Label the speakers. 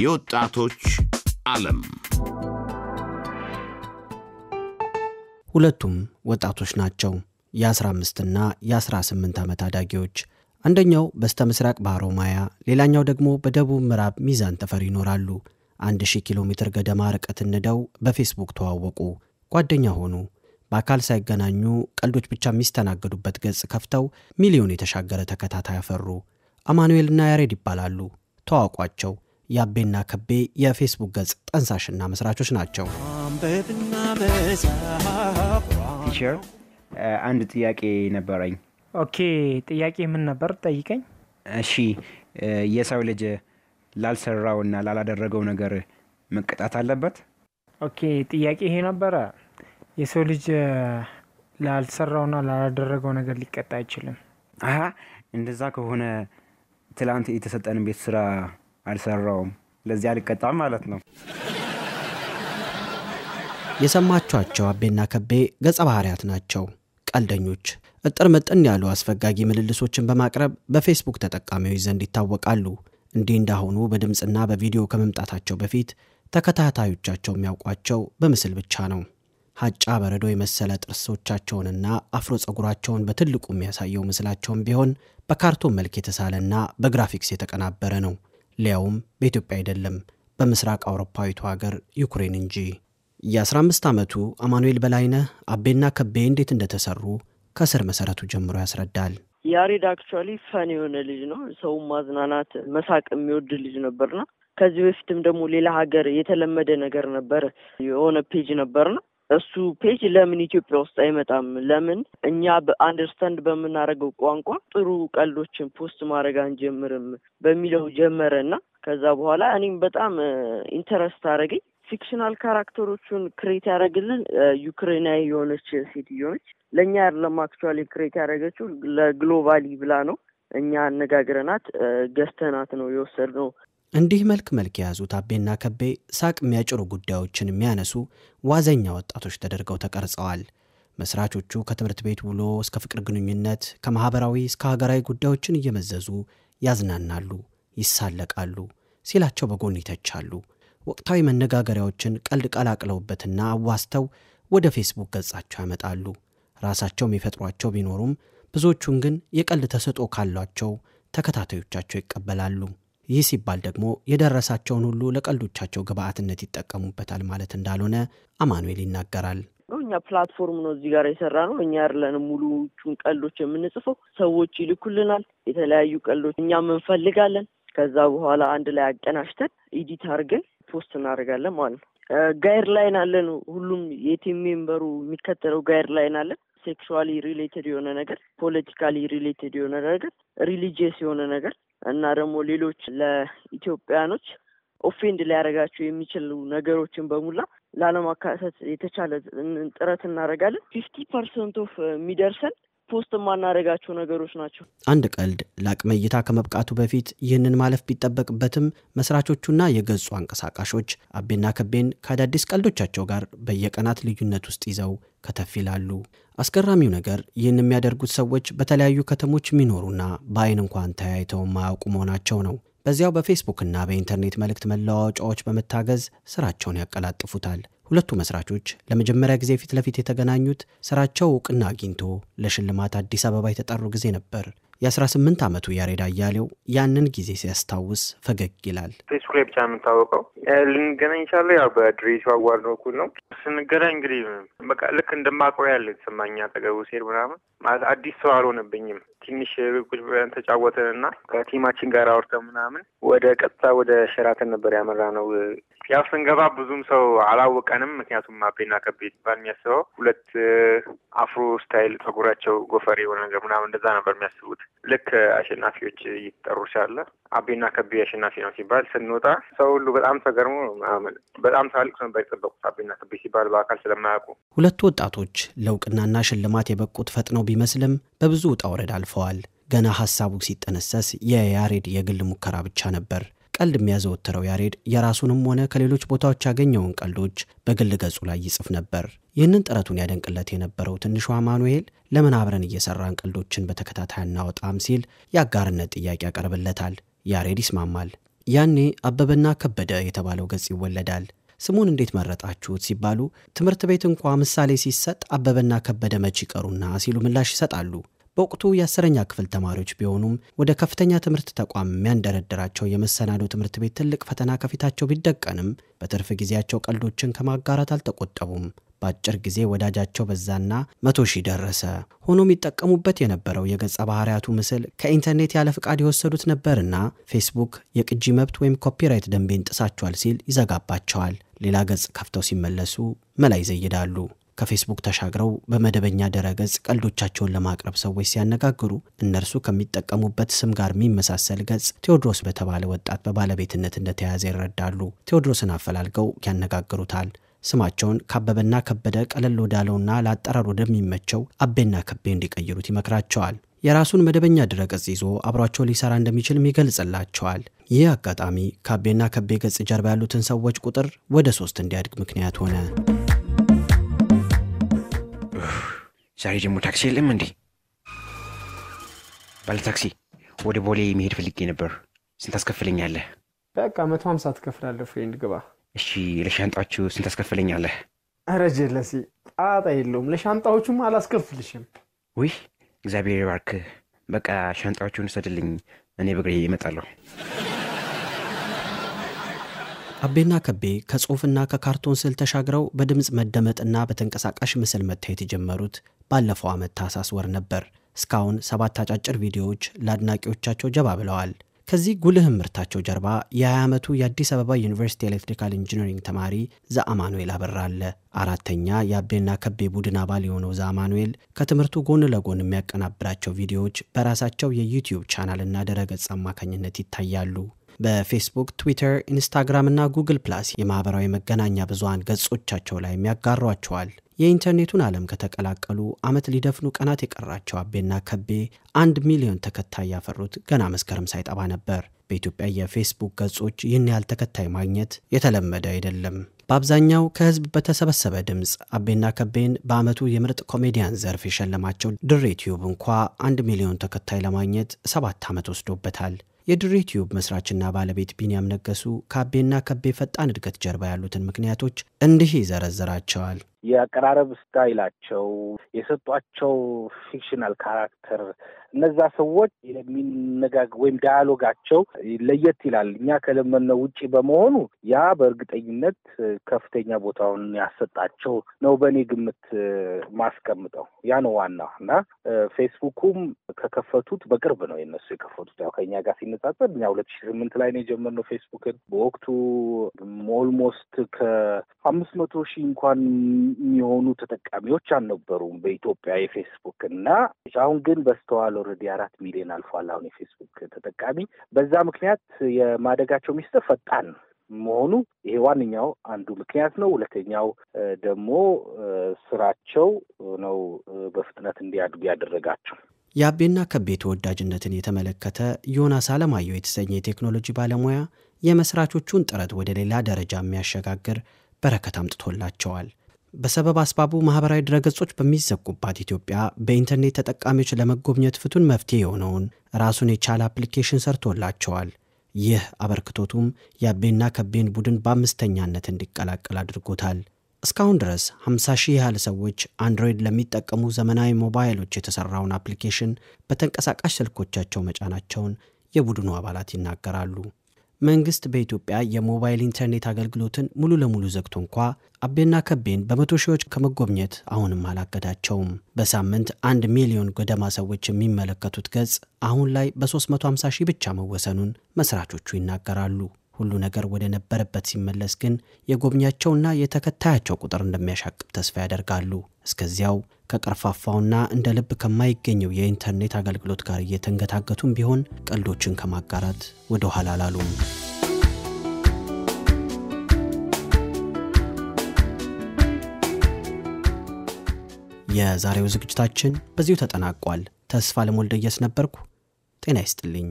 Speaker 1: የወጣቶች ዓለም
Speaker 2: ሁለቱም ወጣቶች ናቸው። የ15ና የ18 ዓመት አዳጊዎች አንደኛው በስተ ምስራቅ በሐሮማያ ሌላኛው ደግሞ በደቡብ ምዕራብ ሚዛን ተፈር ይኖራሉ። አንድ ሺህ ኪሎ ሜትር ገደማ ርቀት ንደው በፌስቡክ ተዋወቁ፣ ጓደኛ ሆኑ። በአካል ሳይገናኙ ቀልዶች ብቻ የሚስተናገዱበት ገጽ ከፍተው ሚሊዮን የተሻገረ ተከታታይ አፈሩ። አማኑኤልና ያሬድ ይባላሉ። ተዋውቋቸው የአቤና ከቤ የፌስቡክ ገጽ ጠንሳሽና መስራቾች ናቸው። ቲቸር፣ አንድ ጥያቄ ነበረኝ። ኦኬ፣ ጥያቄ ምን ነበር? ጠይቀኝ። እሺ፣ የሰው ልጅ ላልሰራውና ላላደረገው ነገር መቀጣት አለበት? ኦኬ፣ ጥያቄ ይሄ ነበረ። የሰው ልጅ ላልሰራውና ላላደረገው ነገር ሊቀጣ አይችልም። አሀ፣ እንደዛ ከሆነ ትላንት የተሰጠን ቤት ስራ አልሰራውም። ለዚህ አልቀጣም ማለት ነው። የሰማችኋቸው አቤና ከቤ ገጸ ባህሪያት ናቸው። ቀልደኞች፣ እጥር ምጥን ያሉ አስፈጋጊ ምልልሶችን በማቅረብ በፌስቡክ ተጠቃሚዎች ዘንድ ይታወቃሉ። እንዲህ እንዳሁኑ በድምፅና በቪዲዮ ከመምጣታቸው በፊት ተከታታዮቻቸው የሚያውቋቸው በምስል ብቻ ነው። ሀጫ በረዶ የመሰለ ጥርሶቻቸውንና አፍሮ ጸጉራቸውን በትልቁ የሚያሳየው ምስላቸውን ቢሆን በካርቶን መልክ የተሳለና በግራፊክስ የተቀናበረ ነው። ሊያውም በኢትዮጵያ አይደለም፣ በምስራቅ አውሮፓዊቱ ሀገር ዩክሬን እንጂ። የ15 ዓመቱ አማኑኤል በላይነህ አቤና ከቤ እንዴት እንደተሰሩ ከስር መሰረቱ ጀምሮ ያስረዳል።
Speaker 1: ያሬድ አክቹዋሊ ፈን የሆነ ልጅ ነው። ሰውን ማዝናናት፣ መሳቅ የሚወድ ልጅ ነበርና ከዚህ በፊትም ደግሞ ሌላ ሀገር የተለመደ ነገር ነበር የሆነ ፔጅ ነበርና እሱ ፔጅ ለምን ኢትዮጵያ ውስጥ አይመጣም? ለምን እኛ አንደርስታንድ በምናደርገው ቋንቋ ጥሩ ቀልዶችን ፖስት ማድረግ አንጀምርም? በሚለው ጀመረ እና ከዛ በኋላ እኔም በጣም ኢንተረስት አደረገኝ። ፊክሽናል ካራክተሮቹን ክሬት ያደረግልን ዩክሬናዊ የሆነች ሴትዮ ነች። ለእኛ ያለም አክቹዋሊ ክሬት ያደረገችው ለግሎባሊ ብላ ነው። እኛ አነጋግረናት ገዝተናት ነው የወሰድነው።
Speaker 2: እንዲህ መልክ መልክ የያዙ ታቤና ከቤ ሳቅ የሚያጭሩ ጉዳዮችን የሚያነሱ ዋዘኛ ወጣቶች ተደርገው ተቀርጸዋል። መስራቾቹ ከትምህርት ቤት ውሎ እስከ ፍቅር ግንኙነት፣ ከማኅበራዊ እስከ ሀገራዊ ጉዳዮችን እየመዘዙ ያዝናናሉ፣ ይሳለቃሉ፣ ሲላቸው በጎን ይተቻሉ። ወቅታዊ መነጋገሪያዎችን ቀልድ ቀላቅለውበትና አዋስተው ወደ ፌስቡክ ገጻቸው ያመጣሉ። ራሳቸው የሚፈጥሯቸው ቢኖሩም ብዙዎቹን ግን የቀልድ ተሰጦ ካሏቸው ተከታታዮቻቸው ይቀበላሉ። ይህ ሲባል ደግሞ የደረሳቸውን ሁሉ ለቀልዶቻቸው ግብአትነት ይጠቀሙበታል ማለት እንዳልሆነ አማኑኤል ይናገራል።
Speaker 1: እኛ ፕላትፎርም ነው እዚህ ጋር የሰራ ነው። እኛ ያለን ሙሉቹን ቀልዶች የምንጽፈው ሰዎች ይልኩልናል። የተለያዩ ቀልዶች እኛም እንፈልጋለን። ከዛ በኋላ አንድ ላይ አቀናሽተን ኢዲት አድርገን ፖስት እናደርጋለን ማለት ነው። ጋይድ ላይን አለን። ሁሉም የቲም ሜምበሩ የሚከተለው ጋይድ ላይን አለን። ሴክሹዋሊ ሪሌትድ የሆነ ነገር፣ ፖለቲካሊ ሪሌትድ የሆነ ነገር፣ ሪሊጂየስ የሆነ ነገር እና ደግሞ ሌሎች ለኢትዮጵያኖች ኦፌንድ ሊያደርጋቸው የሚችሉ ነገሮችን በሙላ ላለማካተት የተቻለ ጥረት እናደርጋለን። ፊፍቲ ፐርሰንት ኦፍ የሚደርሰን ፖስት የማናደርጋቸው ነገሮች ናቸው።
Speaker 2: አንድ ቀልድ ለአቅመ እይታ ከመብቃቱ በፊት ይህንን ማለፍ ቢጠበቅበትም መስራቾቹና የገጹ አንቀሳቃሾች አቤና ከቤን ከአዳዲስ ቀልዶቻቸው ጋር በየቀናት ልዩነት ውስጥ ይዘው ከተፍ ይላሉ። አስገራሚው ነገር ይህን የሚያደርጉት ሰዎች በተለያዩ ከተሞች የሚኖሩና በአይን እንኳን ተያይተው የማያውቁ መሆናቸው ነው። በዚያው በፌስቡክና በኢንተርኔት መልእክት መለዋወጫዎች በመታገዝ ስራቸውን ያቀላጥፉታል። ሁለቱ መስራቾች ለመጀመሪያ ጊዜ ፊት ለፊት የተገናኙት ስራቸው እውቅና አግኝቶ ለሽልማት አዲስ አበባ የተጠሩ ጊዜ ነበር። የ18 ዓመቱ ያሬድ አያሌው ያንን ጊዜ ሲያስታውስ ፈገግ ይላል።
Speaker 1: ፌስቡክ ላይ ብቻ የምታወቀው ልንገናኝ ይቻለ ያው በድሬሱ አዋርድ በኩል ነው ስንገናኝ። እንግዲህ በቃ ልክ እንደማውቀው ያለ የተሰማኝ አጠገቡ ሴድ ምናምን ማለት አዲስ ሰው አልሆነብኝም። ትንሽ ቁጭ ብለን ተጫወትን እና ከቲማችን ጋር አውርተን ምናምን ወደ ቀጥታ ወደ ሸራተን ነበር ያመራ ነው። ያው ስንገባ ብዙም ሰው አላወቀንም። ምክንያቱም አቤና ከቤ ባል የሚያስበው ሁለት አፍሮ ስታይል ጸጉራቸው ጎፈሬ የሆነ ነገር ምናምን እንደዛ ነበር የሚያስቡት ልክ አሸናፊዎች ይጠሩ ሻለ አቤና ከቤ አሸናፊ ነው ሲባል ስንወጣ ሰው ሁሉ በጣም ተገርሞ በጣም ታልቅ ነበር የጠበቁት። አቤና ከቤ ሲባል በአካል ስለማያውቁ
Speaker 2: ሁለቱ ወጣቶች ለእውቅናና ሽልማት የበቁት ፈጥነው ቢመስልም በብዙ ውጣ ውረድ አልፈዋል። ገና ሀሳቡ ሲጠነሰስ የያሬድ የግል ሙከራ ብቻ ነበር። ቀልድ የሚያዘወትረው ያሬድ የራሱንም ሆነ ከሌሎች ቦታዎች ያገኘውን ቀልዶች በግል ገጹ ላይ ይጽፍ ነበር። ይህንን ጥረቱን ያደንቅለት የነበረው ትንሿ አማኑኤል ለምን አብረን እየሰራን ቀልዶችን በተከታታይ አናወጣም ሲል የአጋርነት ጥያቄ ያቀርብለታል። ያሬድ ይስማማል። ያኔ አበበና ከበደ የተባለው ገጽ ይወለዳል። ስሙን እንዴት መረጣችሁት ሲባሉ ትምህርት ቤት እንኳ ምሳሌ ሲሰጥ አበበና ከበደ መች ይቀሩና ሲሉ ምላሽ ይሰጣሉ። በወቅቱ የአስረኛ ክፍል ተማሪዎች ቢሆኑም ወደ ከፍተኛ ትምህርት ተቋም የሚያንደረድራቸው የመሰናዶ ትምህርት ቤት ትልቅ ፈተና ከፊታቸው ቢደቀንም በትርፍ ጊዜያቸው ቀልዶችን ከማጋራት አልተቆጠቡም። በአጭር ጊዜ ወዳጃቸው በዛና መቶ ሺህ ደረሰ። ሆኖም ይጠቀሙበት የነበረው የገጸ ባህሪያቱ ምስል ከኢንተርኔት ያለ ፍቃድ የወሰዱት ነበርና ፌስቡክ የቅጂ መብት ወይም ኮፒራይት ደንቤን ጥሳቸዋል ሲል ይዘጋባቸዋል። ሌላ ገጽ ከፍተው ሲመለሱ መላ ይዘይዳሉ። ከፌስቡክ ተሻግረው በመደበኛ ድረገጽ ቀልዶቻቸውን ለማቅረብ ሰዎች ሲያነጋግሩ እነርሱ ከሚጠቀሙበት ስም ጋር የሚመሳሰል ገጽ ቴዎድሮስ በተባለ ወጣት በባለቤትነት እንደተያዘ ይረዳሉ። ቴዎድሮስን አፈላልገው ያነጋግሩታል። ስማቸውን ካበበና ከበደ ቀለል ወዳለውና ለአጠራር ወደሚመቸው አቤና ከቤ እንዲቀይሩት ይመክራቸዋል። የራሱን መደበኛ ድረገጽ ይዞ አብሯቸው ሊሰራ እንደሚችልም ይገልጽላቸዋል። ይህ አጋጣሚ ከአቤና ከቤ ገጽ ጀርባ ያሉትን ሰዎች ቁጥር ወደ ሶስት እንዲያድግ ምክንያት ሆነ። ዛሬ ደግሞ ታክሲ የለም እንዴ? ባለታክሲ ወደ ቦሌ መሄድ ፈልጌ ነበር። ስንት አስከፍለኛለህ?
Speaker 1: በቃ መቶ ሀምሳ ትከፍላለህ። ፍሬንድ ግባ
Speaker 2: እሺ ለሻንጣዎቹ ስንት ታስከፍለኛለህ?
Speaker 1: ኧረ ጀለሴ ጣጣ የለውም። ለሻንጣዎቹም አላስከፍልሽም።
Speaker 2: ውይ እግዚአብሔር ባርክ። በቃ ሻንጣዎቹን ውሰድልኝ፣ እኔ በእግሬ ይመጣለሁ አቤና ከቤ ከጽሑፍና ከካርቶን ስዕል ተሻግረው በድምፅ መደመጥና በተንቀሳቃሽ ምስል መታየት የጀመሩት ባለፈው ዓመት ታህሳስ ወር ነበር። እስካሁን ሰባት አጫጭር ቪዲዮዎች ለአድናቂዎቻቸው ጀባ ብለዋል። ከዚህ ጉልህ ምርታቸው ጀርባ የ20 ዓመቱ የአዲስ አበባ ዩኒቨርሲቲ ኤሌክትሪካል ኢንጂነሪንግ ተማሪ ዘአማኑኤል አበራ አለ። አራተኛ የአቤና ከቤ ቡድን አባል የሆነው ዘአማኑኤል ከትምህርቱ ጎን ለጎን የሚያቀናብራቸው ቪዲዮዎች በራሳቸው የዩቲዩብ ቻናልና ድረገጽ አማካኝነት ይታያሉ። በፌስቡክ፣ ትዊተር፣ ኢንስታግራም እና ጉግል ፕላስ የማህበራዊ መገናኛ ብዙሀን ገጾቻቸው ላይ የሚያጋሯቸዋል። የኢንተርኔቱን ዓለም ከተቀላቀሉ ዓመት ሊደፍኑ ቀናት የቀራቸው አቤና ከቤ አንድ ሚሊዮን ተከታይ ያፈሩት ገና መስከረም ሳይጠባ ነበር። በኢትዮጵያ የፌስቡክ ገጾች ይህን ያህል ተከታይ ማግኘት የተለመደ አይደለም። በአብዛኛው ከህዝብ በተሰበሰበ ድምፅ አቤና ከቤን በአመቱ የምርጥ ኮሜዲያን ዘርፍ የሸለማቸው ድሬ ቲዩብ እንኳ አንድ ሚሊዮን ተከታይ ለማግኘት ሰባት ዓመት ወስዶበታል። የድሬ ቲዩብ መስራችና ባለቤት ቢንያም ነገሱ ከአቤና ከቤ ፈጣን እድገት ጀርባ ያሉትን ምክንያቶች እንዲህ ይዘረዝራቸዋል። የአቀራረብ ስታይላቸው፣ የሰጧቸው
Speaker 1: ፊክሽናል ካራክተር እነዛ ሰዎች የሚነጋግ ወይም ዳያሎጋቸው ለየት ይላል። እኛ ከለመነው ውጪ በመሆኑ ያ በእርግጠኝነት ከፍተኛ ቦታውን ያሰጣቸው ነው በእኔ ግምት ማስቀምጠው። ያ ነው ዋና እና ፌስቡኩም ከከፈቱት በቅርብ ነው የነሱ የከፈቱት። ያው ከኛ ጋር ሲነጻጸር እኛ ሁለት ሺ ስምንት ላይ ነው የጀመርነው ፌስቡክን። በወቅቱ ኦልሞስት ከአምስት መቶ ሺህ እንኳን የሚሆኑ ተጠቃሚዎች አልነበሩም በኢትዮጵያ የፌስቡክ እና አሁን ግን በስተዋል ኦልሬዲ አራት ሚሊዮን አልፏል። አሁን የፌስቡክ ተጠቃሚ በዛ ምክንያት
Speaker 2: የማደጋቸው ሚስጥር ፈጣን መሆኑ ይሄ ዋነኛው አንዱ ምክንያት ነው።
Speaker 1: ሁለተኛው ደግሞ ስራቸው ነው በፍጥነት እንዲያድጉ ያደረጋቸው።
Speaker 2: የአቤና ከቤ ተወዳጅነትን የተመለከተ ዮናስ አለማየሁ የተሰኘ የቴክኖሎጂ ባለሙያ የመስራቾቹን ጥረት ወደ ሌላ ደረጃ የሚያሸጋግር በረከት አምጥቶላቸዋል። በሰበብ አስባቡ ማህበራዊ ድረገጾች በሚዘጉባት ኢትዮጵያ በኢንተርኔት ተጠቃሚዎች ለመጎብኘት ፍቱን መፍትሄ የሆነውን ራሱን የቻለ አፕሊኬሽን ሰርቶላቸዋል። ይህ አበርክቶቱም የአቤና ከቤን ቡድን በአምስተኛነት እንዲቀላቀል አድርጎታል። እስካሁን ድረስ 50 ሺህ ያህል ሰዎች አንድሮይድ ለሚጠቀሙ ዘመናዊ ሞባይሎች የተሰራውን አፕሊኬሽን በተንቀሳቃሽ ስልኮቻቸው መጫናቸውን የቡድኑ አባላት ይናገራሉ። መንግስት በኢትዮጵያ የሞባይል ኢንተርኔት አገልግሎትን ሙሉ ለሙሉ ዘግቶ እንኳ አቤና ከቤን በመቶ ሺዎች ከመጎብኘት አሁንም አላገዳቸውም። በሳምንት አንድ ሚሊዮን ገደማ ሰዎች የሚመለከቱት ገጽ አሁን ላይ በ350 ሺህ ብቻ መወሰኑን መስራቾቹ ይናገራሉ። ሁሉ ነገር ወደ ነበረበት ሲመለስ ግን የጎብኛቸውና የተከታያቸው ቁጥር እንደሚያሻቅብ ተስፋ ያደርጋሉ። እስከዚያው ከቀርፋፋውና እንደ ልብ ከማይገኘው የኢንተርኔት አገልግሎት ጋር እየተንገታገቱም ቢሆን ቀልዶችን ከማጋራት ወደ ኋላ አላሉም። የዛሬው ዝግጅታችን በዚሁ ተጠናቋል። ተስፋ ለሞልደየስ ነበርኩ። ጤና ይስጥልኝ።